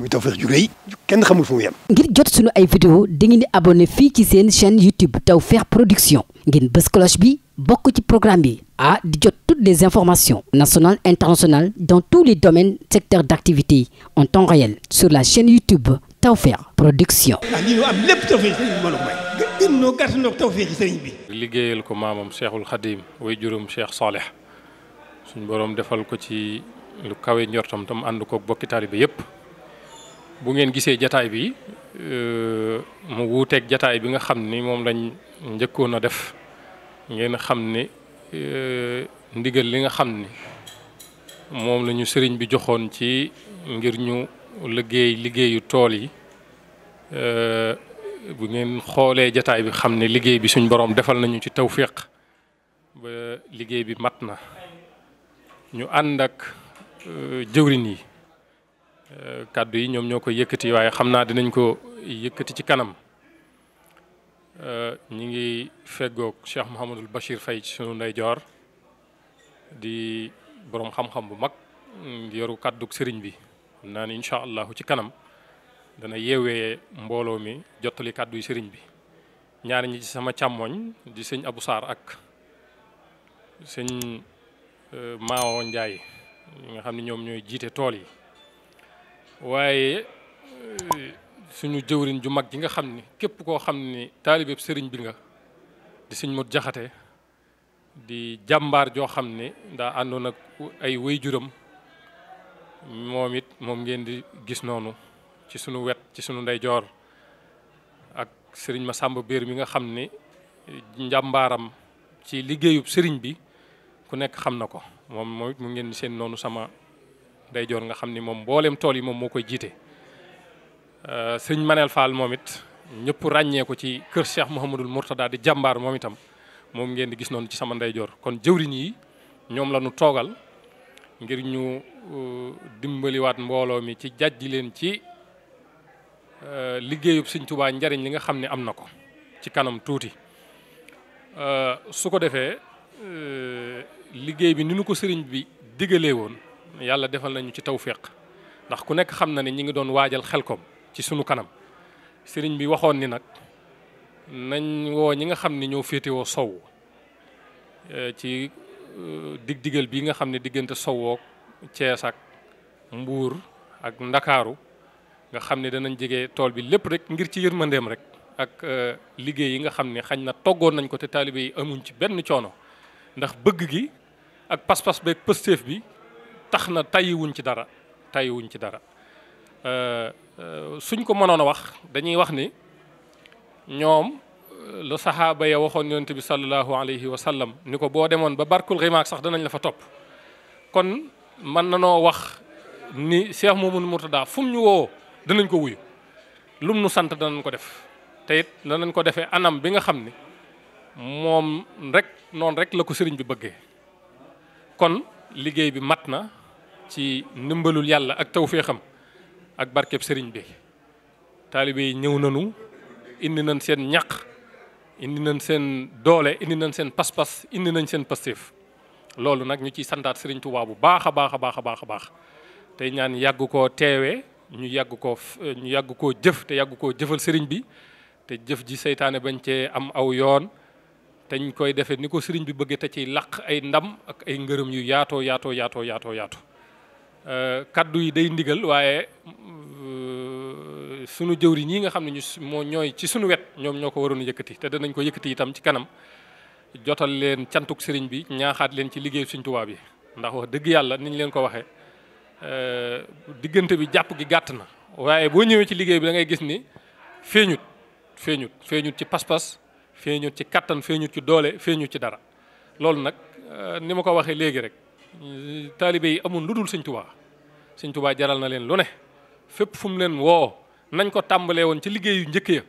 muy Tawfekh ju rëy kenn xamul ngir jot sunu ay vidéo dangeen di abonné fii ci seen chaîne YouTube Tawfekh Production ngeen bës cloche bi bokk ci programme bi ah di jot toutes les informations nationales internationales dans tous les domaines secteurs d'activité en temps réel sur la chaîne YouTube Tawfekh Production. ah lii am lépp Tawfekh sëriñ bi bi. liggéeyal ko maamam Cheikhul Khadim way juróom Cheikh Salih suñ borom defal ko ci lu kawe njortam tam ànd koog bokki taalibe yépp bu ngeen gisee jataay bi euh, mu wuuteeg jataay bi nga xam ni moom lañ njëkkoon a def ngeen xam ni euh, ndigal li nga xam ni moom lañu sëriñ bi joxoon ci ngir ñu liggéey liggéeyu tool yi euh, bu ngeen xoolee jataay bi xam ne liggéey bi suñ borom defal nañu ci tawféq ba liggéey bi mat na ñu ànd ak jëwrin yi Euh, kàddu yi ñoom ñoo ko yëkkati waaye xam naa dinañ ko yëkkati ci kanam euh, ñi ngi feggoog Cheikh Mouhamadul Bachir fay ci sunu ndeyjoor di boroom xam-xam bu mag yoru kàddu sëriñ bi xam naa allahu ci kanam dana yeewee mbooloo mi jottali kàddu sëriñ bi ñaar ñi ci sama càmmoñ di sëñ Abou Sarr ak sëñ euh, Maao Ndiaye ñi nga xam ne ñoom ñooy jiite tool yi. waaye eh, suñu jëwriñ ju mag ji nga xam ni képp koo xam ni taalibeeb sëriñ bi nga di sëñ mot jaxate di jàmbaar joo xam ni daa àndoon ak ay waajuram moom it moom ngeen di gis noonu ci suñu wet ci suñu ndeyjoor ak sëriñ Masamba Béer mi nga xam ni njàmbaaram ci liggéeyub sëriñ bi ku nekk xam na ko moom mooy mu ngeen seen noonu sama day nga xam ni moom mboolem tool yi moom moo koy jiite euh, sëñ Manel Fall moom it ñëpp ràññeeku ci kër Cheikh Mouhamadul Mourtada di jàmbaar moom itam moom ngeen di gis noonu ci sama ndeyjoor kon jëwriñ yi ñoom la ñu toogal ngir ñu euh, dimbaliwaat mbooloo mi ci jàjji leen ci euh, liggéeyub sëñ Tuubaa njariñ li nga xam ne am na ko ci kanam tuuti su ko defee liggéey bi ni nu ko sëriñ bi digalee woon yàlla defal nañu ci tawféq ndax ku nekk xam na ne ñi ngi doon waajal xelkom ci sunu kanam sëriñ bi waxoon ni nag nañ woo ñi nga xam ne ñoo féetewoo sow eh, ci eh, digdigal digal bii nga xam ne diggante sowoog Cees ak Mbuur ak Ndakaaru nga xam ne danañ jege tool bi lépp rek ngir ci yërmandeem rek ak eh, liggéey yi nga xam ne xañ na toggoon nañ ko te taalibe yi amuñ ci benn coono ndax bëgg gi ak pas-pas beeg pësteef bi tax na tayyiwuñ ci dara tayyiwuñ ci dara euh, euh, suñ ko mënoon a wax dañuy wax ni ñoom euh, lu saxaaba ya waxoon yonent bi sallallahu alayhi wa sallam ni ko boo demoon ba barkul rimaak sax danañ la fa topp kon mën na noo wax ni Cheikh Mouhamadou Mourtada fu mu ñu woo danañ ko wuyu lum nu sant danañ ko def te it danañ ko defee anam bi nga xam ni moom rekk noonu rek la ko sëriñ bi bëggee kon liggéey bi mat na ci ndimbalul yàlla ak tawféexam ak barkeb sëriñ bi taalibe yi ñëw nañu indi nañ seen ñaq indi nañ seen doole indi nañ seen pas-pas indi nañ seen pastéef loolu nag ñu ciy santaat sëriñ Tuubaa bu baax a baax a baax a baax a baax tey ñaan yàgg koo teewe ñu yàgg ko ñu yàgg koo jëf te yàgg koo jëfal sëriñ bi te jëf ji seytaane bañ cee am aw yoon teñ koy defee ni ko sëriñ bi bëggee te ci laq ay ndam ak ay ngërëm yu yaatoo yaatoo yaato yaatoo yaatoo Euh, kàddu yi day ndigal waaye euh, sunu jëwri ñii nga xam ne ñu moo ñooy ci sunu wet ñoom ñoo ko waroon a yëkkati te danañ ko yëkkati itam ci kanam jotal leen cantuk sëriñ bi ñaaxaat leen ci liggéey Sëriñ Tuubaa bi ndax wax dëgg yàlla niñ leen ko waxee euh, diggante bi jàpp gi gàtt na waaye boo ñëwee ci liggéey bi da ngay gis ni feeñut feeñut feeñut ci pas-pas feeñut ci kàttan feeñut ci doole feeñut ci dara loolu nag ni ma ko waxee léegi rek taalibe yi amul lu dul sëñ tubaa sëñ tubaa jaral na leen lu ne fépp fu mu leen woo nañ ko tàmbalee woon ci liggéeyu njëkk ya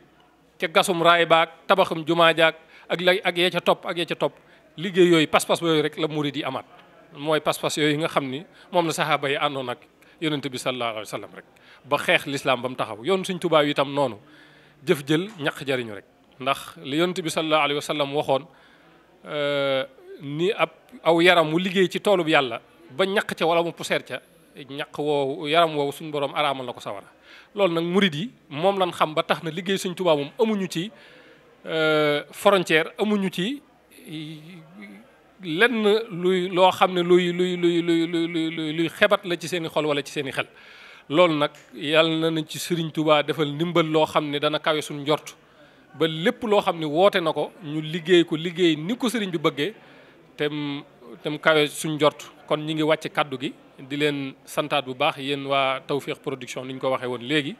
ca gasum raay baag tabaxum jumaa jaag ak la ak ya ca topp ak yee ca topp liggéey yooyu pas-pas yooyu rek la murid yi amaat mooy pas-pas yooyu nga xam ni moom la saxaaba yi àndoon ak yonente bi sallallahu alayhi wa rek ba xeex lislaam ba mu taxaw yoon sëñ tubaa yi itam noonu jëf jël ñaq jariñu rek ndax li yonente bi sallallahu alayhi wa waxoon euh, ni ab aw yaram mu liggéey ci toolub yàlla ba ñaq ca wala mu puseer ca ñaq woowu yaram woowu suñ borom araamal na ko sawara loolu nag murid yi moom lan xam ba tax na liggéey Sëñ Tuubaa moom amuñu ci euh, frontière amuñu ci euh, lenn luy loo xam ne luy luy luy luy luy luy xebat la ci seeni xol wala ci seeni xel loolu nag yàlla nañ ci Sëriñ tubaa defal ndimbal loo xam ne dana kawe suñ njort ba lépp loo xam ne woote na ko ñu liggéey ko liggéey ni ko sëriñ bi bëggee te tem kawe suñ jort kon ñi ngi wàcc kàddu gi di leen santaat bu baax yéen waa Tawfekh Production ni ko waxee woon léegi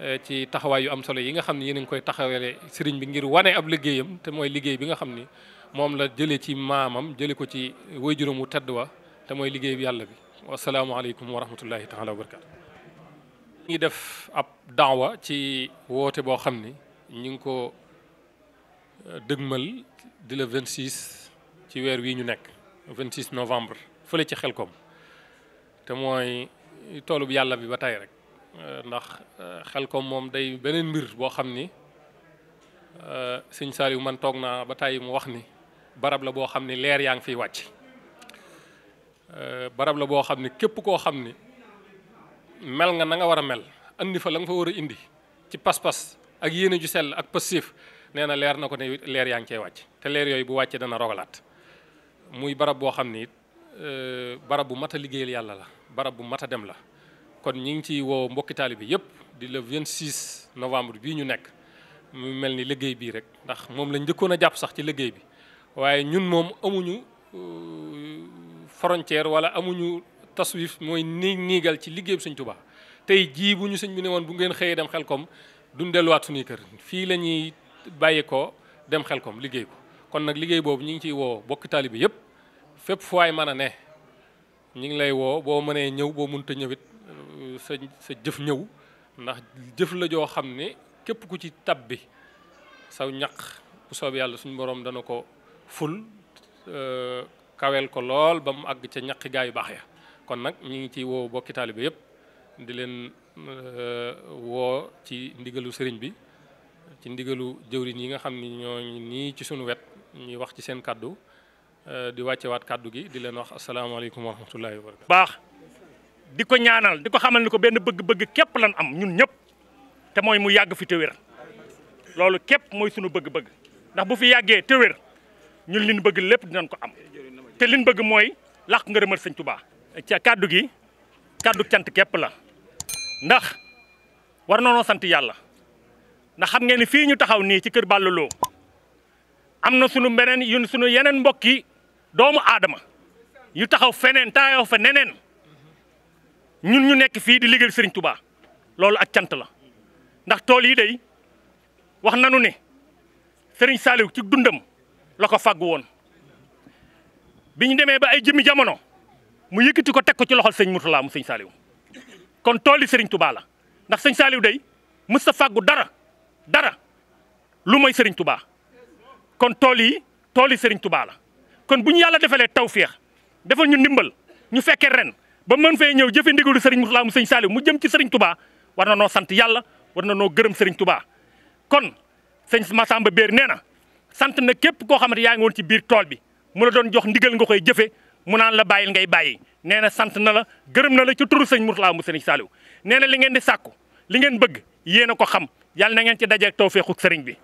eh, ci taxawaay yu am solo yi nga xam ne yéen a koy taxawale sëriñ bi ngir wane ab liggéeyam te mooy liggéey bi nga xam ni moom la jëlee ci maamam jëlee ko ci waajuram wu tedd wa te mooy liggéey bi yàlla bi wasalaamaaleykum wa rahmatullahi taala wa barakaatu ñu ngi def ab daawa ci woote boo xam ni ñu ngi ko eh, dëgmal di le 26 ci weer wii ñu nekk vingt 26 novembre fële ci xel xelkom te mooy toolub yàlla bi ba tey rek euh, ndax xel euh, xelkom moom day beneen mbir boo xam ni euh, sëñ Saliou man toog naa ba tey mu wax ni barab la boo xam ni leer yaa ngi fiy wàcc barab la boo xam ni képp koo xam ni mel nga na nga war a mel andi fa la nga fa war a indi ci pas-pas ak yéene ju sell ak passif nee na leer na ko ne leer yaa ngi cee wàcc te leer yooyu bu wàccee dana rogalaat muy barab boo xam ni euh, barab bu mat a liggéeyal yàlla la barab bu mat a dem la kon ñi ngi ciy woo mbokki taalibe yëpp di le 26 novembre bii ñu nekk mu mel ni liggéey bii rek ndax moom lañ njëkkoon a jàpp sax ci liggéey bi waaye ñun moom amuñu euh, frontière wala amuñu taswif mooy nii niigal ci liggéey bi Sëñ Tuubaa tey jii bu ñu sëñ bi ne woon bu ngeen xëyee dem xel koom duñ delluwaat kër fii lañuy ñuy bàyyi ko dem xel kom liggéey ko kon nag liggéey boobu ñu ngi ciy woo bokki taalibe yëpp fépp fu waay mën a ne ñu ngi lay woo boo mënee ñëw boo mënta ñëwit euh, sa sa jëf ñëw ndax jëf la joo xam ne képp ku ci tab bi saw ñaq bu soob yàlla suñ borom dana ko ful euh, kaweel ko lool ba mu àgg ca ñaqi gaa yu baax ya kon nag ñu ngi ciy woo bokki taalibe yëpp di leen euh, woo ci ndigalu sëriñ bi ci ndigalu jëwriñ yi nga xam ni ñoo nii ci sunu wet ñuy wax ci seen kàddu euh, di wàccewaat kàddu gi di leen wax asalaamaaleykum wa rahmatullahi wa barakatu baax di ko ñaanal di ko xamal ni ko benn bëgg-bëgg képp lan am ñun ñëpp te mooy mu yàgg fi te loolu képp mooy sunu bëgg-bëgg ndax bu fi yàggee te wér ñun liñ bëgg lépp dinañ ko am te liñ bëgg mooy làq ngërëmal sëñ Tuubaa ca kàddu gi kàddu cant képp la ndax war na sant yàlla ndax xam nga ni fii ñu taxaw nii ci kër Balla Lo am na sunu beneen yun sunu yeneen mbokki doomu aadama yu taxaw feneen taayoo fa neneen ñun ñu nekk fii di liggéeyal Serigne Touba loolu ak cant la ndax tool yi day wax nanu ne sëriñ Saliou ci dundam la ko woon bi ñu demee ba ay jëmmi jamono mu yëkkati ko teg ko ci loxol sëñ Mourtala mu sëñ Saliou kon tool yi Serigne Touba la ndax sëñ Saliou day mës a dara dara lu mooy Serigne Touba. kon tool yi tool yi Serigne tubaa la kon bu ñu yàlla defalee tawféex defal ñu ndimbal ñu fekkee ren ba mën fee ñëw jëfe ndigalu Serigne mu Serigne Saliou mu jëm ci Serigne Touba war na noo sant yàlla war na noo gërëm Serigne Touba kon sëñ Massamba Béer nee na sant na képp koo xamante yaa ngi woon ci biir tool bi mu la doon jox ndigal nga koy jëfe mu naan la bàyyil ngay bàyyi nee na sant na la gërëm na la ci turu sëñ Mourtala mu Serigne saaliw nee na li ngeen di sàkku li ngeen bëgg yéen a ko xam yàlla na ngeen ci dajeeg tawféexu sëriñ bi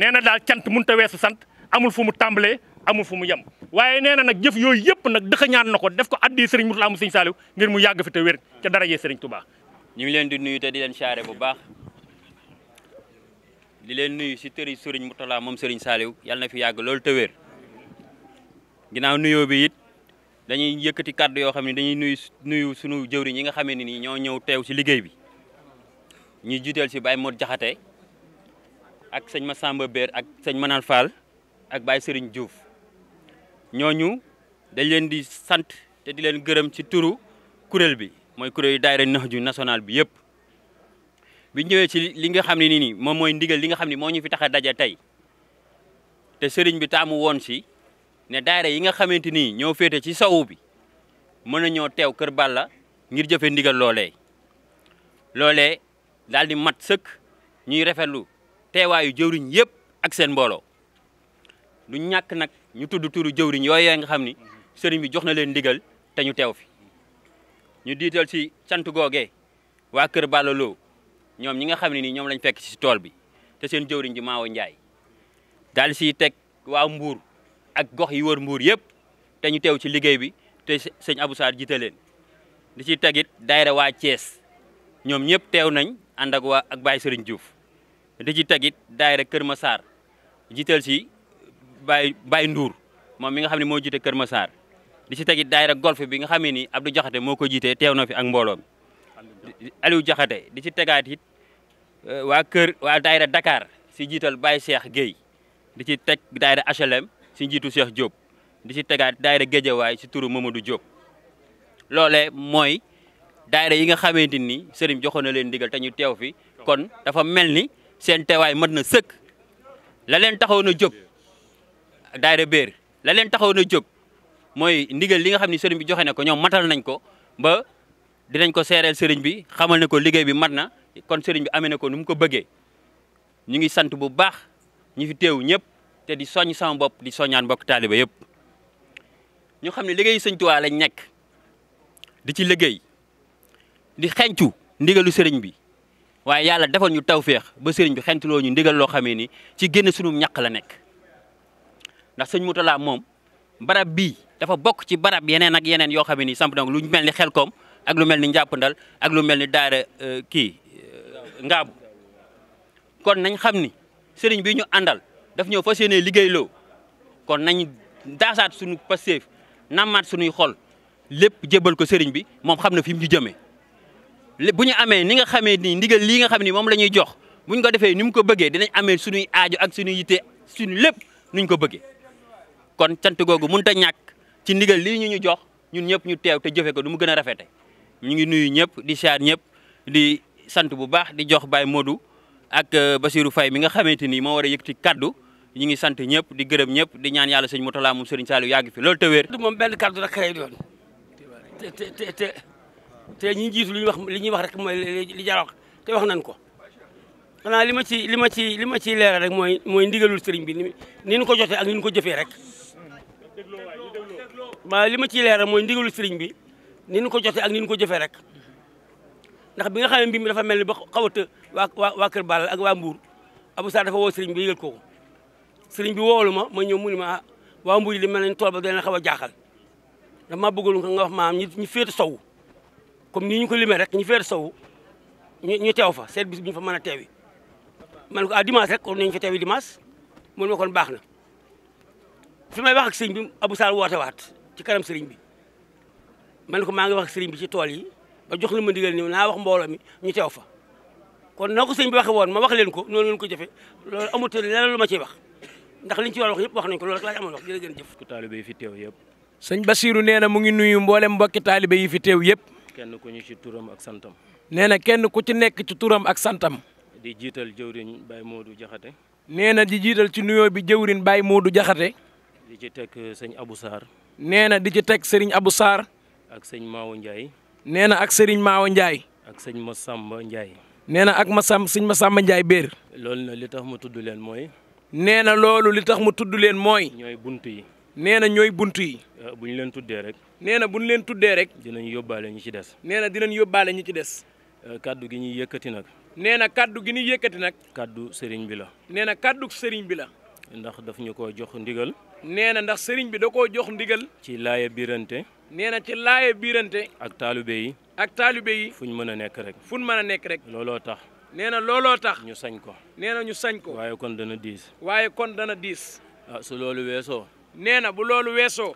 nee na daal cant mënut a weesu sant amul fu mu tàmbalee amul fu mu yem waaye nee na nag jëf yooyu yëpp nag dëxëñaan na ko def ko addi sëriñ Mourtalla mu sëriñ ngir mu yàgg fi te wér ca daraje sëriñ Touba. ñu ngi leen di nuyu di leen siyaare bu baax di leen nuyu si tëri sëriñ Mourtalla moom sëriñ Saliou yàlla na fi yàgg loolu te wér ginnaaw nuyoo bi it dañuy yëkkati kàddu yoo xam ne dañuy nuyu nuyu suñu jëwriñ yi nga xam ni ñoo ñëw teew si liggéey bi ñu jiiteel si baay Modou jaxate ak sëñ Massamba Béer ak sëñ Manal Fall ak Baye Serigne Diouf ñooñu dañ leen di sant te di leen gërëm ci turu kuréel bi mooy kuréelu daayira Nahju national bi yëpp. bi ñëwee ci li nga xam ne nii moom mooy ndigal li nga xam ne moo ñu fi tax a daje tey te sëriñ bi taamu woon si ne daayira yi nga xamante ni ñoo féete ci sowu bi mën a ñoo teew Kër Balla ngir jëfe ndigal loolee loolee daal di mat sëkk ñuy rafetlu. teewaayu jëwriñ yëpp ak seen mbooloo lu ñàkk nag ñu tudd turu jëwriñ yooyee nga xam ni sëriñ bi jox na leen ndigal te ñu teew fi ñu diital si sant googee waa Kër Balla Lo ñoom ñi nga xam ne nii ñoom lañ fekk si tool bi te seen jëwriñ ji Maawo Njaay daal si teg waa Mbuur ak gox yi wër Mbuur yëpp te ñu teew ci liggéey bi te sëñ Abou Sarr jiite leen di si tegit daayira waa Thiès ñoom ñëpp teew nañ ànd ak waa Sëriñ Diouf di ci tegit daayira Kër Massar jiital si Baye Baye nduur moom mi nga xam ne moo jiite Kër Massar di si tegit daayira golf bi nga xamee ne ni Abdou Jaxate moo ko jiitee teew na fi ak mbooloom aliw Jaxate di ci tegaat it euh, waa kër waa daayira dakaar si jiital Baye Cheikh Guèye di ci teg daayira HLM si jiitu seex jóob di si tegaat daayira Géejawaay si turu Mamadou Diop loole mooy daayira yi nga xamante ni sëriñ joxoon na leen ndigal te ñu teew fi kon dafa mel ni seen teewaay mat na sëkk la taxaw na jóg daayira béer la leen taxawoon a jóg mooy ndigal li nga xam ne sëriñ bi joxe ne ko ñoom matal nañ ko ba dinañ ko seereel sëriñ bi xamal ne ko liggéey bi mat na kon sëriñ bi amee na ko nu mu ko bëggee ñu ngi sant bu baax ñi fi teew ñëpp te di soñ sama bopp di soññaan mbokk taaliba yëpp ñu xam ne liggéeyu sëñ Tuubaa lañ nekk di ci liggéey di xencu ndigalu sëriñ bi waaye yàlla defal ñu tawféex ba sëriñ bi xentu loo ñu ndigal loo xamee ni ci génn sunu ñàq la nekk ndax sëñ Moutala moom barab bii dafa bokk ci barab yeneen ak yeneen yoo xam ne nii samp donc lu mel ni xel koom ak lu mel ni ndal ak lu mel ni Daara euh, kii euh, Ngaabu kon nañ xam ni sëriñ bi ñu àndal daf ñëw fas yéenee liggéeyloo kon nañ daasaat suñu pasteef nammaat suñuy xol lépp jébal ko sëriñ bi moom xam na fi mu ñu jëmee. bu ñu amee ni nga xamee ni ndigal lii nga xam ni moom la ñuy jox bu ñu ko defee ni mu ko bëggee dinañ amee suñuy aajo ak suñuy yitte suñu lépp nu nuñ ko bëggee kon cant googu mun ta ñàkk ci ndigal lii ñu ñu jox ñun ñëpp ñu teew te jëfe ko nu mu gën a rafete ñu ngi nuyu ñëpp di siyaar ñëpp di sant bu baax di jox baay Modou ak euh, Basirou Faye mi nga xamante ni moo war a ti kaddu ñu ngi sant ñëpp di gërëm ñëpp di ñaan yàlla sëñ Moutalla moom Serigne Saliou yàgg fi loolu te moom benn kaddu rek lay doon te ñi jiitu li ñuy wax li ñuy wax rek mooy li jar te wax nañ ko xanaa li ma ci li ma ci li ma ciy leeral rek mooy mooy ndigalul sëriñ bi ni ñu ko jotee ak ni ko jëfee rek li ma ciy leeral mooy ndigalul sëriñ bi ni ñu ko jotee ak ni ko jëfee rek ndax bi nga xam ne mbir mi dafa mel ni ba xaw a të waa Kër Ball ak waa Mbour Abou Sarr dafa woo sëriñ bi yëgal kooku sëriñ bi woolu ma ma ñëw mu ni ma ah, waa Mbour li mel ne tool ba dana xaw a jaaxal dama bëggoon nga wax maam ñi féete sow comme nii ñu ko limee rek ñu feer sow ñu teew fa seet bis fa mën a teewi man ko ah dimanche rek kon nañu fa teewi dimanche mun ma kon baax na fi may wax ak sëriñ bi Abou Sall woote waat ci kanam sëriñ bi man ko maa ngi wax ak sëriñ bi ci tool yi ba jox la ma ndigal ni naa wax mbooloo mi ñu tew fa kon noo ko sëriñ bi waxe woon ma wax leen ko noonu leen ko jëfe lool amut leneen lu ma ciy wax ndax liñ ci war wax yëpp wax nañ ko loolu rek laa ci amoon wax jërë ngeen jëf. taalibe yi nee na mu ngi nuyu mboolem mbokki taalibe yi fi teew yëpp. kenn ku ñu ci turam ak santam. nee na kenn ku ci nekk ci turam ak santam. di jiital jëwriñ Baye Modou Diakhaté. nee na di jiital ci nuyoo bi jëwriñ Baye du Diakhaté. di ci teg euh, sëñ Abou Sarr. nee na di ci teg sëriñ Abou Sarr. ak sëñ Mawo Ndiaye. nee na ak sëriñ Mawo Ndiaye. ak sëñ Massamba Ndiaye. nee na ak Massam sëñ Massamba Ndiaye béer. loolu na li tax mu tudd leen mooy. nee na loolu li tax mu tudd leen mooy. ñooy bunt yi. nee na ñooy bunt yi. Euh, bu ñu leen tuddee rek. nee na bu ñu leen tuddee rek. dinañ yóbbaale ñi ci des. nee na dinañ yóbbaale ñi ci des. Euh, kaddu gi ñu yëkkati nag. nee na kaddu gi ñuy yëkkati nag. kaddu sëriñ bi la. nee na kaddu sëriñ bi la. ndax daf ñu koo jox ndigal. nee na ndax sëriñ bi da ko jox ndigal. ci laaya biirante. nee na ci laaye biirante. ak taalibe yi. ak taalibe yi. fu ñu mën a nekk rek. fu ñu mën a nekk rek. looloo tax. nee na looloo tax. ñu sañ ko. nee na ñu sañ ko. waaye kon dana diis. waaye kon dana diis. ah su loolu weesoo. nee na bu loolu weesoo.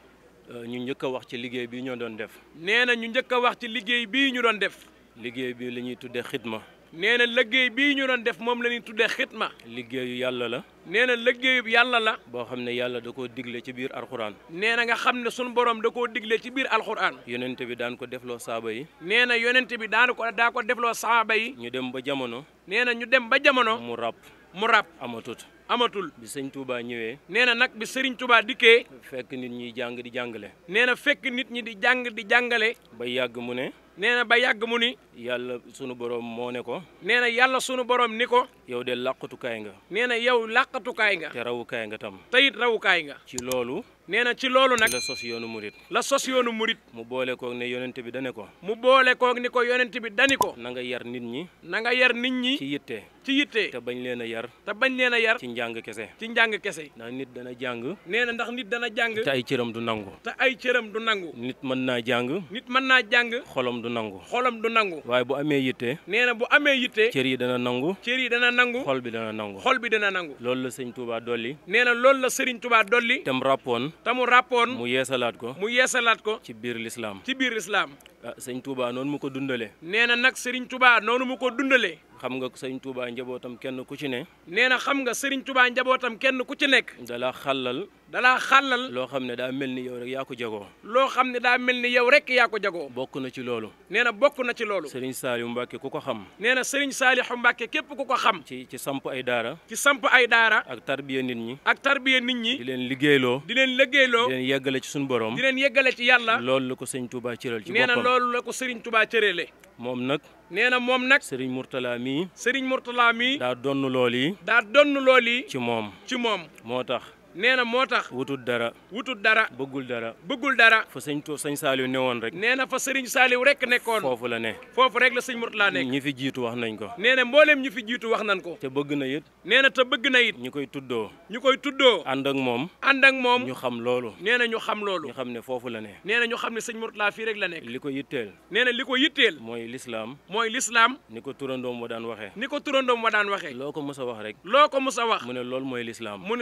Euh, ñu njëkk a wax ci liggéey bi ñoo doon def. nee na ñu njëkk a wax ci liggéey bi ñu doon def. liggéey bi la ñuy tuddee xidma. nee na liggéey bii ñu doon def moom lañuy ñuy tuddee xidma. liggéeyu yàlla la. nee na liggéeyu yàlla la. boo xam ne yàlla da koo digle ci biir alxuraan. nee na nga xam ne sunu borom da koo digle ci biir alxuraan. yonente bi daan ko defloo saaba yi. nee na yonente bi daan ko daa ko defloo saaba yi. ñu dem ba jamono. nee na ñu dem ba jamono. mu ràpp. mu rab amatut amatul bi sëñ Touba ñëwee nee na nag bi sëriñ Touba dikkee fekk nit ñi jàng di jàngale nee na fekk nit ñi di jàng di jàngale ba yàgg mu ne nee na ba yàgg mu ni yàlla sunu borom moo ne ko. nee na yàlla sunu boroom ni ko. yow de làqatukaay nga. nee na yow làqatukaay nga. te rawukaay nga tam. te it rawukaay nga. ci loolu. nee na ci loolu nag. la sos yoonu murit. la sos yoonu murit. mu boole koog ne yonent bi dane ko. mu boole koog ni ko yonent bi dani ko. na nga yar nit ñi. nanga nga yar nit ñi. ci yitte. ci yitte. te bañ leen a yar. te bañ leen a yar. ci njàng kese. ci njàng kese. ndax nit dana jàng. nee na ndax nit dana jàng. te ay cëram du nangu. te ay cëram du nangu. nit mën naa jàng. nit mën naa jàng. xolam nangu. waaye bu amee yitte. nee na bu amee yitte. cër yi dana nangu. cër yi dana nangu. xol bi dana nangu. xol bi dana nangu. loolu la sëñ Touba dolli. nee na loolu la sëriñ Touba dolli. tam rappoon. tamu rappoon. mu yeesalaat ko. mu yeesalaat ko. ci biir lislaam. ci biir lislaam. ah sëñ Touba noonu mu ko dundalee. nee na nag sëriñ Touba noonu mu ko dundalee. xam nga sëriñ Touba njabootam kenn ku ci ne. nee na xam nga sëriñ Touba njabootam kenn ku ci nekk. dalaa xallal dalaa xàllal. loo xam ne daa mel ni yow rek yaa ko jagoo. loo xam ne daa mel ni yow rek yaa ko jagoo. bokk na ci loolu. nee na bokk na ci loolu. sëriñ Saliou Mbacke ku ko xam. nee na sëriñ Saliou Mbacke képp ku ko xam. ci ci samp ay daara. ci samp ay daara. ak tarbiya nit ñi. ak tarbiya nit ñi. di leen liggéeyloo. di leen liggéeyloo. di leen yeggale ci suñu borom. di leen yeggale ci yàlla. loolu la ko sëriñ Touba cëral ci boppam loolu la ko sëriñ Touba cërale moom nag nee na moom nag sëriñ Mourtala mii sëriñ Mourtala mi daa donn lool yi daa donn lool ci moom ci moom moo tax nee na moo tax wutut dara wutut dara bëggul dara bëggul dara fa sëñ to sëñ Saaliw newoon rek nee na fa sëriñ Saaliw rek nekkoon foofu la ne foofu rek la sëñ Murtala nekk ñi fi jiitu wax nañ ko nee na mbooleem ñi fi jiitu wax nañ ko te bëgg na it nee na te bëgg na it ñu koy tuddoo ñu koy tuddoo ànd ak moom ànd ak moom ñu xam loolu nee na ñu xam loolu ñu xam ne foofu la ne nee na ñu xam ne sëñ Murtala fii rek la nekk li ko yitteel nee na li ko yitteel mooy lislaam mooy lislaam ni ko turandoom wa daan waxee ni ko turandoom wa daan waxee loo ko mos a wax rek loo ko mos a wax mu ne mooy lislaam mu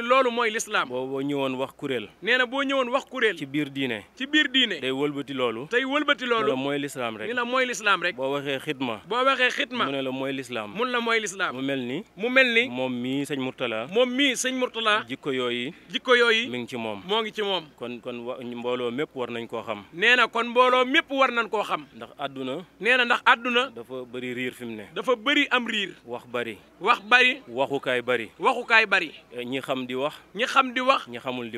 lislaam boo ñëwoon wax kuréel nee na boo ñëwoon wax kuréel ci biir diine ci biir diine day wëlbati loolu tey wëlbati loolu mooy lislaam rek ñu la mooy lislaam rek boo waxee xidma boo waxee xidma mu ne la mooy lislaam mun la mooy lislaam mu mel ni mu mel ni moom mii sëñ Mourtala moom mii sëñ Mourtala jikko yooyu jikko yooyu mi ngi ci moom moo ngi ci moom kon kon mbooloo mépp war nañ koo xam nee na kon mbooloo mépp war nañ koo xam ndax àdduna nee na ndax àdduna dafa bëri riir fi mu ne dafa bëri am riir wax eh, xam di wax ñi xamul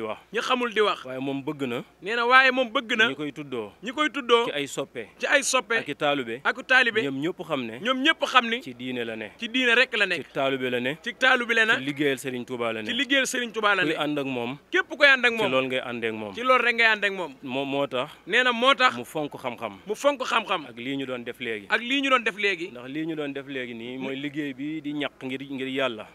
di wax ñi waaye moom bëgg na waaye moom bëgg na koy tuddoo ñi koy tuddoo ci ay soppe ci ay soppe ak i taalibe ak taalibe ñoom ñëpp xam ne ñoom ñëpp xam ni ci diine la ne ci diine rek la nekk ci taalibe la ne ci taalibe la ne ci liggéeyal Serigne Touba la ne ci liggéeyal Serigne Touba la ne moom képp koy moo tax nee na moo tax mu fonk xam-xam mu fonk xam-xam ak lii ñu doon def léegi ak lii ñu doon def léegi ndax lii ñu doon def léegi nii mooy liggéey bi di ñaq ngir ngir yàlla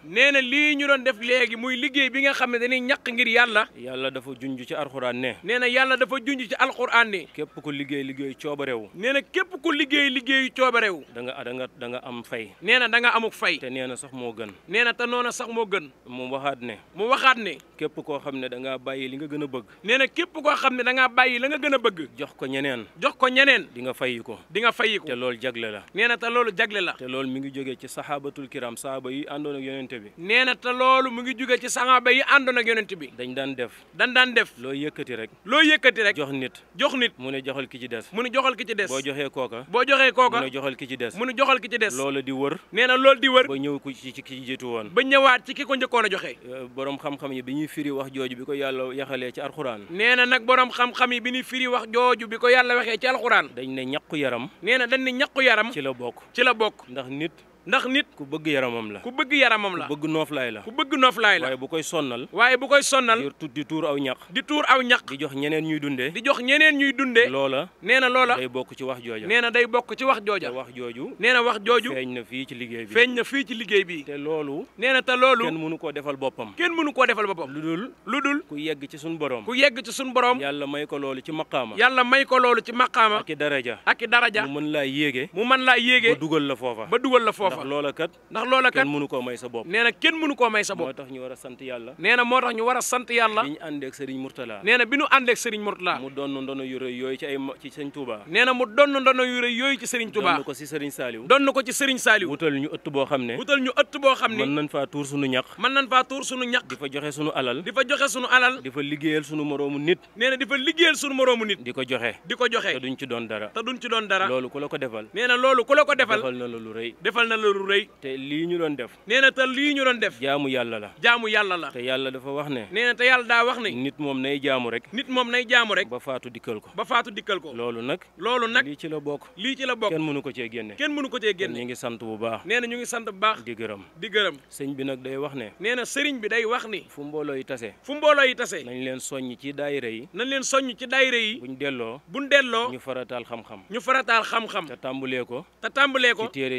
ñaq ngir yàlla yàlla dafa junj ci alxuraan ne nee na dafa junj ci alxuraan ne képp ku liggéey liggéey coobarewu nee na képp ku liggéey liggéeyu coobarewu da nga da nga da nga am fay nee na da nga amuk fay te nee na sax moo gën nee na te noona sax moo gën mu waxaat ne mu waxaat ne képp koo xam ne da ngaa bàyyi li nga gën a bëgg nee na képp koo xam ne da ngaa bàyyi la nga gën a bëgg jox ko ñeneen jox ko ñeneen di nga fay ko dinga nga fay ko te loolu jagle la nee na te loolu jagle la te loolu mi ngi jógee ci saxaabatul kiram saaba yi àndoon ak yonente bi mu ngi jógee ci saxaaba yonent bi dañ daan def dañ daan def loo yëkkati rek loo yëkkati rek jox nit jox nit mu ne joxal ki ci des mu ne joxal ki ci des boo joxee kooka boo joxee kooka mu ne joxal ki ci des mu ne joxal ki ci des loola di wër nee na loolu di wër ba ñëw ku ci ci ki jiitu woon ba ñëwaat ci ki ko a joxe eh, borom xam-xam yi bi ñuy firi wax jooju bi ko yàlla yaxalee ci alxuraan nee na nag borom xam-xam yi bi ñuy firi wax jooju bi ko yàlla waxee ci alxuraan dañ ne ñaqu yaram nee na dañ ne ñaqu yaram ci la bokk ci la bokk ndax nit ndax nit ku bëgg yaramam la ku bëgg yaramam la bëgg nooflaay la ku bëgg nooflaay la waaye bu koy sonnal waaye bu koy sonnal di tuur aw ñax di tuur aw ñax di jox ñeneen ñuy dundee di jox ñeneen ñuy dundee loola nee na loola day bokk ci wax jooja nee na day bokk ci wax jooja wax jooju nee na wax jooju feeñ na fii ci liggéey bi feeñ na fii ci liggéey bi te loolu nee na te loolu kenn mënu koo defal boppam kenn mënu koo defal boppam lu dul lu dul ku yegg ci suñu borom ku yegg ci suñu borom yàlla may ko loolu ci maqaama yàlla may ko loolu ci maqaama ak i daraja ak i mën laa yéege mu mën laa yéege dugal la foofa ba dugal la foofa ndax loola kat ndax loola kat kenn mënu koo may sa bopp nee na kenn mënu koo may sa bopp moo tax ñu war a sant yàlla nee na moo tax ñu war a sant yàlla bi ñu àndeek Serigne Mourtala nee na bi ñu àndeek Serigne Mourtala mu doon ndono yu rëy yooyu ci ay ci Serigne Touba nee na mu doon ndono yu rëy yooyu ci Serigne Touba doon ko ci Serigne Saliou doon ko ci Serigne Saliou wutal ñu ëtt boo xam ne wutal ñu ëtt boo xam ne mën nañ faa tuur suñu ñaq mën nañ faa tuur suñu ñaq di fa joxe suñu alal di fa joxe suñu alal di fa liggéeyal suñu moroomu nit nee na di fa liggéeyal suñu moroomu nit di ko joxe di ko joxe te duñ ci doon dara te duñ ci doon dara loolu ku la ko defal nee na loolu ku la ko defal defal na la lu rëy defal na valeur rëy te lii ñu doon def nee na te lii ñu doon def jaamu yàlla la jaamu yàlla la te yàlla dafa wax ne nee na te yàlla daa wax ne nit moom nay jaamu rek nit moom nay jaamu rek ba faatu dikkal ko ba faatu dikkal ko loolu nag loolu nag lii ci la bokk lii ci la bokk kenn mënu ko cee génne kenn mënu ko e génne ñu ngi sant bu baax nee na ñu ngi sant bu baax di gërëm di gërëm sëñ bi nag day wax ne nee na sëriñ bi day wax ni fu mbooloo yi tase fu mbooloo yi tase nañ leen soññ ci daayira yi nañ leen soññ ci daayira yi buñ delloo buñ delloo ñu farataal xam-xam ñu farataal xam-xam te tàmbalee ko te tàmbalee ko ci téere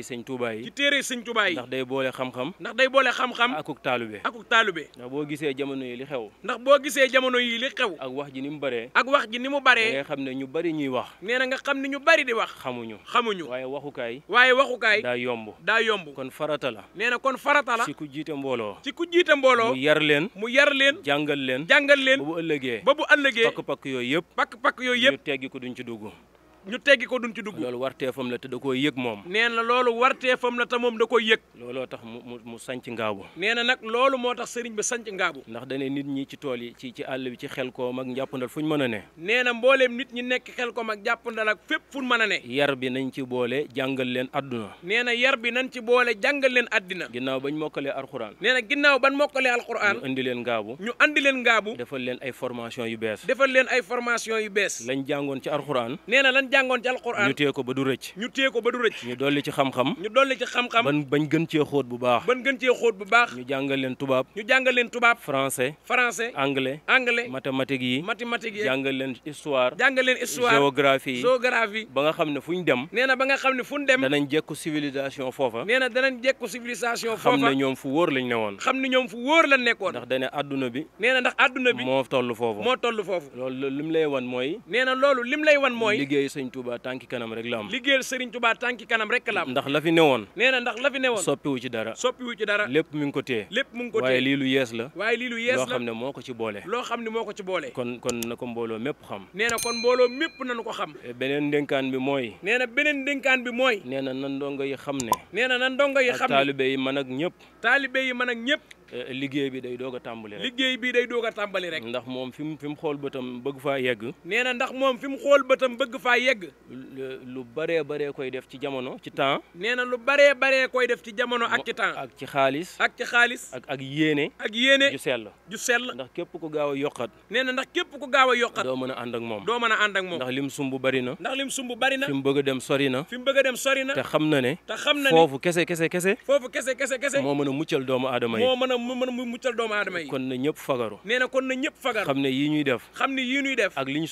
téere sëñ Tuubaa yi ndax day boole xam-xam ndax day boole xam-xam akuk taalube akuk taalube ndax boo gisee jamono yii li xew ndax boo gisee jamono yii li xew ak wax ji ni mu bëree ak wax ji ni mu bëree nga xam ne ñu bari ñuy wax nee na nga xam ni ñu bari di wax xamuñu xamuñu waaye waxukaay waaye waxukaay daa yomb daa yomb kon farata la nee na kon farata la ci ku jiite mbooloo ci ku jiite mbooloo mu yar leen mu yar leen jàngal leen jàngal leen ba bu ëllëgee ba bu ëllëgee pakk yooyu yëpp pakk pakk yooyu yëpp teggi ko duñ ci dugg ñu teggi ko duñ ci dugg loolu warteefam la te da koy yëg moom nee na loolu warteefam la te moom da koy yëg looloo tax mu mu sanc ngaabu nee na nag loolu moo tax sëriñ bi sanc ngaabu ndax dane nit ñi ci tool yi ci ci àll bi ci xel koom ak njàppandal fu ñu mën ne nee na mbooleem nit ñi nekk xel koom ak njàppandal ak fépp fu ñu mën a ne yar bi nañ ci boole jàngal leen adduna nee na yar bi nañ ci boole jàngal leen addina ginnaaw bañ mokkalee alxuraan nee na ginnaaw ban mokkalee alxuraan ñu indi leen ñu andi leen ngaabu defal leen ay formation yu bees defal leen ay formation yu bees lañ jàngoon ci alxuraan nee na jàngoon ci alquran ñu téye ko ba du rëcc ñu téye ko ba du rëcc ñu dolli ci xam-xam ban gën cee xóot bu baax ñu jàngal leen tubaab ñu jàngal leen tubaab yi mathématiques yi jàngal leen histoire ba nga xam ne fu ñu dem nee na ba nga xam ne fu ñu dem danañ jekku civilisation foofa nee na danañ jekku civilisation foofa xam ne ñoom fu wóor lañ newoon xam ne ñoom fu wóor lañ nekkoon ndax dane adduna bi nee na ndax adduna bi moo toll foofu moo toll foofu loolu lim lay wan mooy nee na loolu lim lay wan mooy sëñ Touba tànki kanam rek la am liggéeyal sëriñ Touba tànki kanam rek la am ndax la fi newoon nee na ndax la fi newoon soppiwu ci dara soppiwu ci ko téye lépp mu ngi ko téye lu yees la waaye lii lu yees la loo xam ne moo ko ci boole xam ne moo ko ci boole kon kon na ko mbooloo mépp xam nee na kon mbooloo mépp nañu ko xam eh, beneen ndénkaan bi mooy nee na beneen ndénkaan bi mooy nee na nan dongo yi xam ne nee na nan dongo yi xam ne taalibe yi man ak ñëpp taalibe yi man ak ñëpp Euh, liggéey bi day doog a tàmbali rek liggéey bi day doog a tàmbali rek ndax moom fi mu fi mu xool bëtam bëgg faa yegg nee na ndax moom fi mu xool bëtam bëgg faa yegg lu baree baree koy def ci jamono ci temps nee na lu baree baree koy def ci jamono ak ci temps ak ci xaalis ak ci xaalis ak ak yéene ak yéene ju sell ju sell ndax képp ku gaaw a yokkat nee na ndax képp ku gaaw a yokkat doo mën a ànd ak moom doo mën a ànd ak moom ndax lim sumb bari na ndax lim sumb bari na fi mu bëgg dem sori na fi mu bëgg dem sori na xam na ne te xam na ne foofu kese kese kese foofu kese kese kese moo mën a muccal doomu aadama yi mu mën mu muccal doomu aadama yi kon na ñëpp fagaru nee kon na ñëpp fagaru xam ne yii ñuy def xam ne yii ñuy def ak li ñu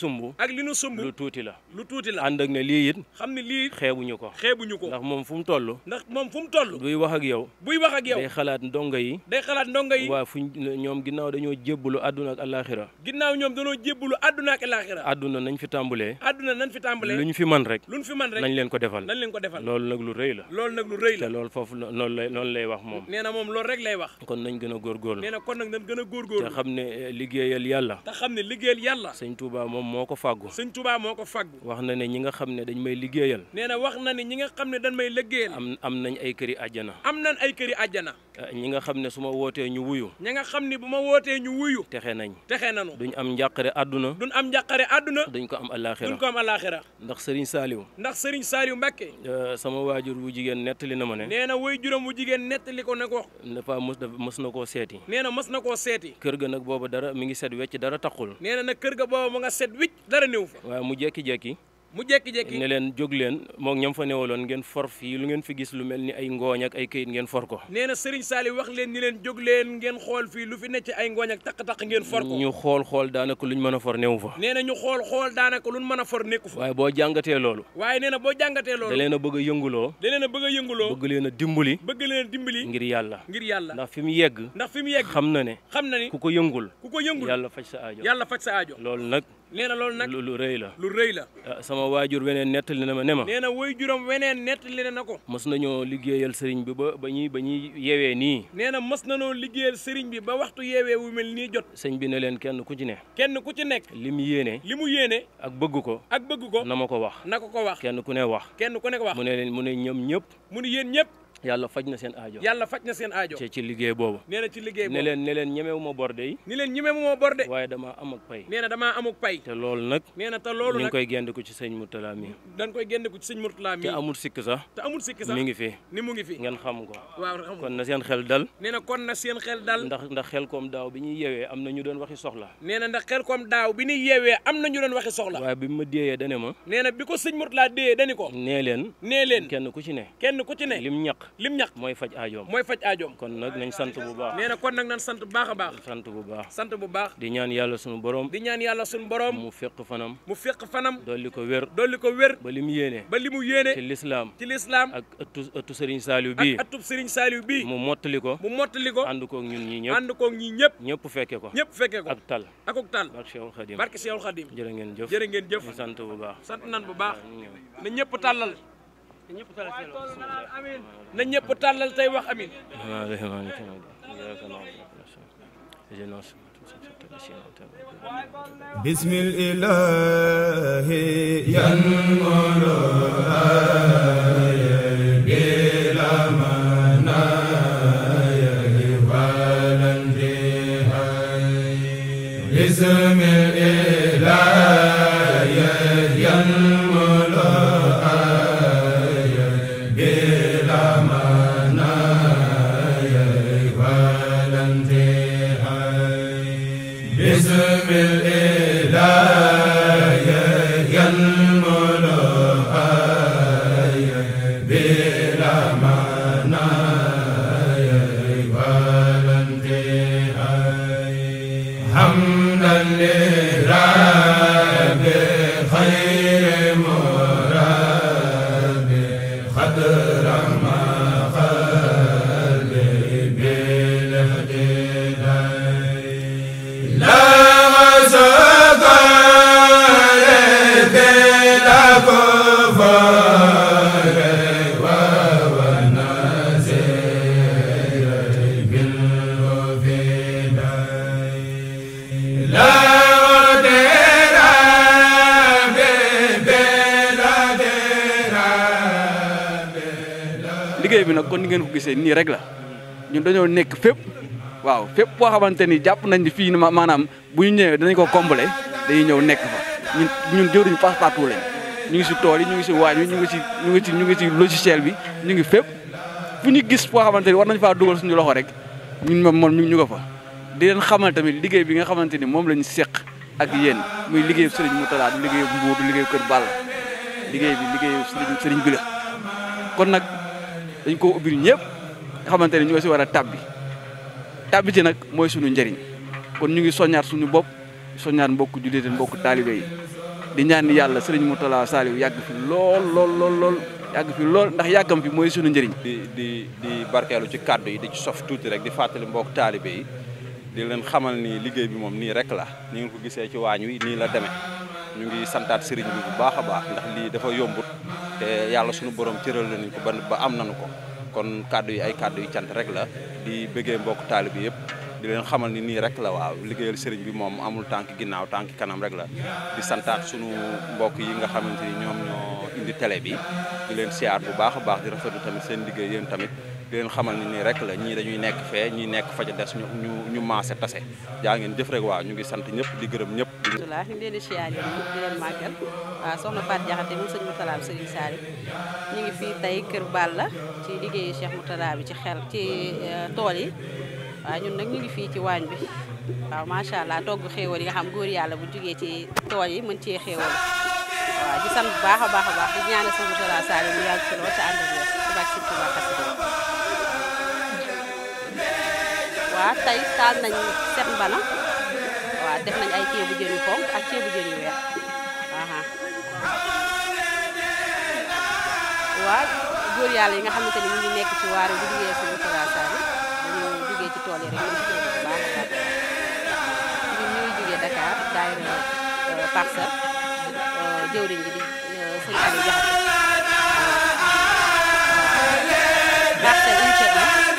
sumb lu tuuti la lu ak ne lii it xam ne lii xeebuñu ko xeebuñu ko ndax moom fu mu toll ndax moom fu mu toll buy wax ak yow buy wax ak yow day xalaat ndongo yi day xalaat ndongo yi waaw fu ñoom ginnaaw dañoo jébbalu àdduna ak alaxira ginnaaw ñoom dañoo jébbalu àdduna ak alaxira àdduna nañ fi tàmbalee àdduna nañ fi tàmbalee lu ñu fi man rek lu ñu fi man rek nañ leen la loolu nag lu rëy la te loolu foofu loolu lay loolu lay wax moom nee na moom loolu rek lay wax kon nañ gën a góorgóorlu nee na kon nag nañ gën a góorgóorlu te xam ne eh, liggéeyal yàlla te xam ne liggéeyal yàlla sëñ Touba moom moo ko fàggu sëñ Touba moo ko fàggu wax na ne ñi nga xam ne dañ may liggéeyal nee na wax na ne ñi nga xam ne dañ may liggéeyal am am nañ ay këri àjjana am nañ ay këri àjjana eh, ñi nga xam ne su ma wootee ñu wuyu ñi nga xam ne bu ma wootee ñu wuyu texe nañ texe nañu duñ am njàqare àdduna duñ am njàqare àdduna duñ ko am alaaxira ko am alaaxira ndax sëriñ Saaliw ndax sëriñ Saaliw Mbàkke eh, sama waajur wu jigéen nettali na ma ne nee na waajuram wu jigéen nettali ko na seeti nee na mas na koo seeti kër ga nag booba dara mi ngi set wecc dara taxul nee na nag kër ga booba ma nga set wicc dara néew fa waaw mu jékki-jékki mu jékki-jékki leen jog leen moom ñam fa newaloon ngeen for fii lu ngeen fi gis lu mel ni ay ngooñ ak ay këyit ngeen for ko nee na Serigne wax leen ni leen jog leen ngeen xool fii lu fi ne ci ay ngooñ ak taq ngeen for ko ñu xool xool daanaka luñ mën a for newu fa nee na ñu xool xool daanaka luñ mën a for nekku fa waaye boo jàngatee loolu waaye nee na boo jàngatee loolu da leen bëgg a yënguloo da leen a bëgg a leen dimbali bëgg dimbali ngir yàlla ngir yàlla ndax fi mu yegg ndax mu yegg xam na ne xam na ni ku ko yëngul ku ko yëngul yàlla faj sa aajo faj sa aajo loolu nag nee na loolu nag lu rëy la lu rëy la ah, sama waajur weneen nettali na ma ne ma nee na waajuram weneen nettali na ko mës nañoo liggéeyal sëriñ bi ba ba ñuy ba ñuy yeewee nii nee na mës nañoo liggéeyal sëriñ bi ba waxtu yeewee wu mel nii jot sëñ bi ne leen kenn ku ci ne kenn ku ci nekk li mu yéene li mu yéene ak bëgg ko ak bëgg ko na ma ko wax na ko ko wax kenn ku ne wax kenn ku ne wax mu ne leen mu ne ñoom ñëpp mu ne yéen ñëpp yàlla faj na seen aajo yàlla faj na seen aajo ci liggéey boobu nee ci liggéey boobu ne leen ne leen ñemewu ma na damaa ko waaw kon na seen xel dal nee na kon na seen bi na ñu ndax xel koom daaw bi ñuy yeewee am na ñu doon waxi soxla waaye bi ma déeyee dane ma nee na bi ko sëñ Mourtala déeyee dani ko nee kenn ku ci ne kenn ku ci ne lim ñaq lim ñàkk mooy faj aajoom mooy faj aajoom kon nag nañ sant bu baax nee na kon nag nañ sant bu baax a baax sant bu baax sant bu baax di ñaan yàlla suñu borom di ñaan yàlla suñu borom mu fekk fanam mu fekk fanam dolli ko wér dolli ko wér ba li mu yéene ba li mu yéene ci lislaam ci lislaam ak ëttu ëttu Serigne Saliou bii ak ëttu Serigne Saliou bii mu mottali ko mu mottali ko ànd koog ñun ñi ñëpp ànd koog ñi ñëpp ñëpp fekke ko ñëpp fekke ko ak tal ak ak tal barke Cheikhul Khadim barke Cheikhul Khadim jërë ngeen jëf jërë sant bu baax sant nan bu baax na ñëpp tàllal na ñëpp tàllal tey wax amin bismil ilaahi yan Bismillah kon ni ngeen ko gisee nii rek la ñun dañoo nekk fépp waaw fépp boo xamante ni jàpp nañ ni fii maanaam bu ñu ñëwee dinañ ko combler dañuy ñëw nekk fa ñun ñun jëwriñ ñu ngi si tool yi ñu ngi si waañ wi ñu ngi si ñu ngi si ñu ngi si logiciel bi ñu ngi fépp fu ñu gis foo xamante ni war nañ faa dugal suñu loxo rek ñun moom moom ñu nga fa di leen xamal tamit liggéey bi nga xamante ni moom lañu seq ak yéen muy liggéey sëriñ Moutala liggéey Mbour liggéey Kër Balla liggéey bi liggéey sëriñ sëriñ bi kon nag dañ koo ubbil ñëpp nga xamante ne ñoo si war a tàbbi tàbbi nag mooy suñu njëriñ kon ñu ngi soññaat suñu bopp soññaat mbokk jullit mbokk taalibe yi di ñaan yàlla sëriñ Moutala saalibu yàgg fi lool lool lool lool yàgg fi lool ndax yàkkam fi mooy suñu njariñ di di di barkeelu ci kàddu yi di ci sof tuuti rek di fàttali mbokk taalibe yi di leen xamal ni liggéey bi moom nii rek la ni ngeen ko gisee ci waañ wi nii la demee ñu ngi santaat sëriñ bi bu baax dafa yombut. te yàlla sunu borom cëral nañu ko ba am nañu ko kon kàddu yi ay kàddu yu cant rek la di bëggee mbokk taali bi yëpp di leen xamal ni nii rek la waaw liggéeyal sëriñ bi moom amul tànk ginnaaw tànk kanam rek la di santaat sunu mbokk yi nga xamante ni ñoom ñoo indi télé bi di leen siyaar bu baax a baax di rafet rafetlu tamit seen liggéey yéen tamit di leen xamal ni nii rek la ñii dañuy nekk fee ñii nekk fa ca des ñu ñu ñu maase tase jaa ngeen jëf rek waaw ñu ngi sant ñëpp di gërëm ñëpp. alhamdulilah ñu ngi leen di siyaar yi di leen màggal waaw ñu ngi fii tey Kër la ci liggéeyu Cheikh Moutala bi ci xel ci euh, tool yi waaw ñun nag ñu ngi fii ci waañ bi waaw macha allah togg xéewal yi nga xam góor yàlla bu jugee ci tool yi mën cee xéewal waaw di sant bu baax a baax a baax di ñaanal sëñ Moutala Saali mu yàgg ci lool te ànd ak yow ci bàcc ci Touba tey taal nañ seen mbana waaw def nañ ay ceebu jën yu xonk ak ceebu jën yu weex waaw góor yàlla yi nga xamante ni ñu ngi nekk ci waar bi bu duggee suñu traçage bi ñu duggee ci tool rek ñu ngi bu baax a baax ñu euh, euh, di euh, sëñ Aliou Diakhaté Parcelles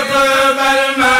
اقبل ما